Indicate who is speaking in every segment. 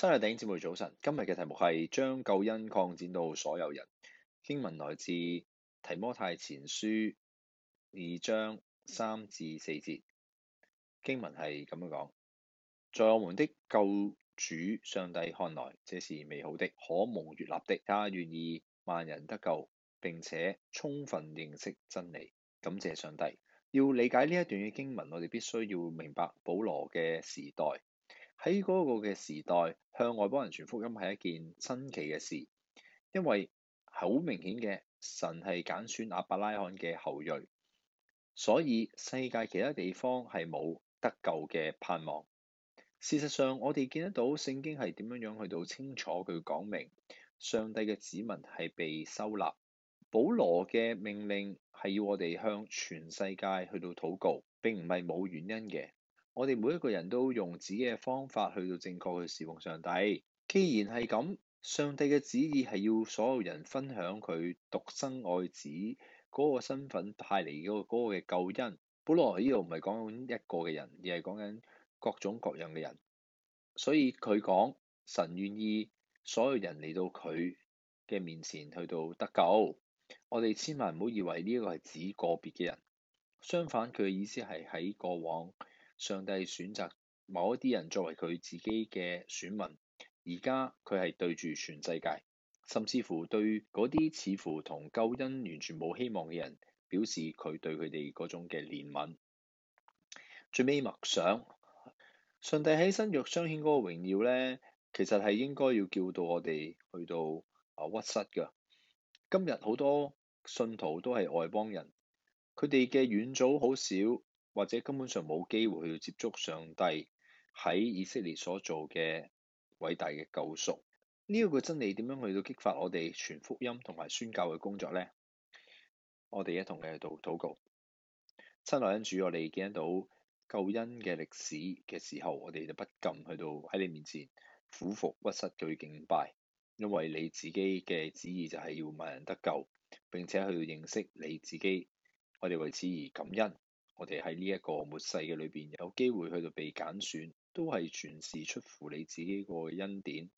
Speaker 1: 新嘅電節目早晨，今日嘅題目係將救恩擴展到所有人。經文來自提摩太前書二章三至四節，經文係咁樣講，在我們的救主上帝看來，這是美好的、可蒙悅納的。他願意萬人得救，並且充分認識真理。感謝上帝。要理解呢一段嘅經文，我哋必須要明白保羅嘅時代。喺嗰個嘅時代，向外幫人傳福音係一件新奇嘅事，因為係好明顯嘅，神係揀選亞伯拉罕嘅後裔，所以世界其他地方係冇得救嘅盼望。事實上，我哋見得到聖經係點樣樣去到清楚，佢講明上帝嘅子民係被收納，保羅嘅命令係要我哋向全世界去到禱告，並唔係冇原因嘅。我哋每一個人都用自己嘅方法去到正確去侍奉上帝。既然係咁，上帝嘅旨意係要所有人分享佢獨生愛子嗰個身份帶嚟嗰個嗰個嘅救恩。本來呢度唔係講緊一個嘅人，而係講緊各種各樣嘅人。所以佢講神願意所有人嚟到佢嘅面前去到得救。我哋千萬唔好以為呢個係指個別嘅人，相反佢嘅意思係喺過往。上帝選擇某一啲人作為佢自己嘅選民，而家佢係對住全世界，甚至乎對嗰啲似乎同救恩完全冇希望嘅人，表示佢對佢哋嗰種嘅憐憫。最尾默想，上帝喺新約彰顯嗰個榮耀咧，其實係應該要叫到我哋去到啊屈膝㗎。今日好多信徒都係外邦人，佢哋嘅遠祖好少，或者根本上冇機會去接觸上帝喺以色列所做嘅偉大嘅救贖，呢一個真理點樣去到激發我哋傳福音同埋宣教嘅工作呢？我哋一同你去到禱告，親愛嘅主，我哋見得到救恩嘅歷史嘅時候，我哋就不禁去到喺你面前俯伏屈膝去敬拜，因為你自己嘅旨意就係要萬人得救並且去到認識你自己，我哋為此而感恩。我哋喺呢一個末世嘅裏邊有機會去到被揀選，都係全係出乎你自己個恩典，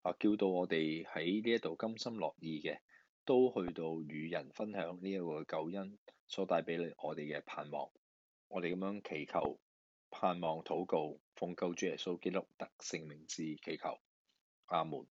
Speaker 1: 啊叫到我哋喺呢一度甘心樂意嘅，都去到與人分享呢一個救恩所帶俾你我哋嘅盼望，我哋咁樣祈求，盼望禱告，奉救主耶穌基督得勝名字祈求，阿門。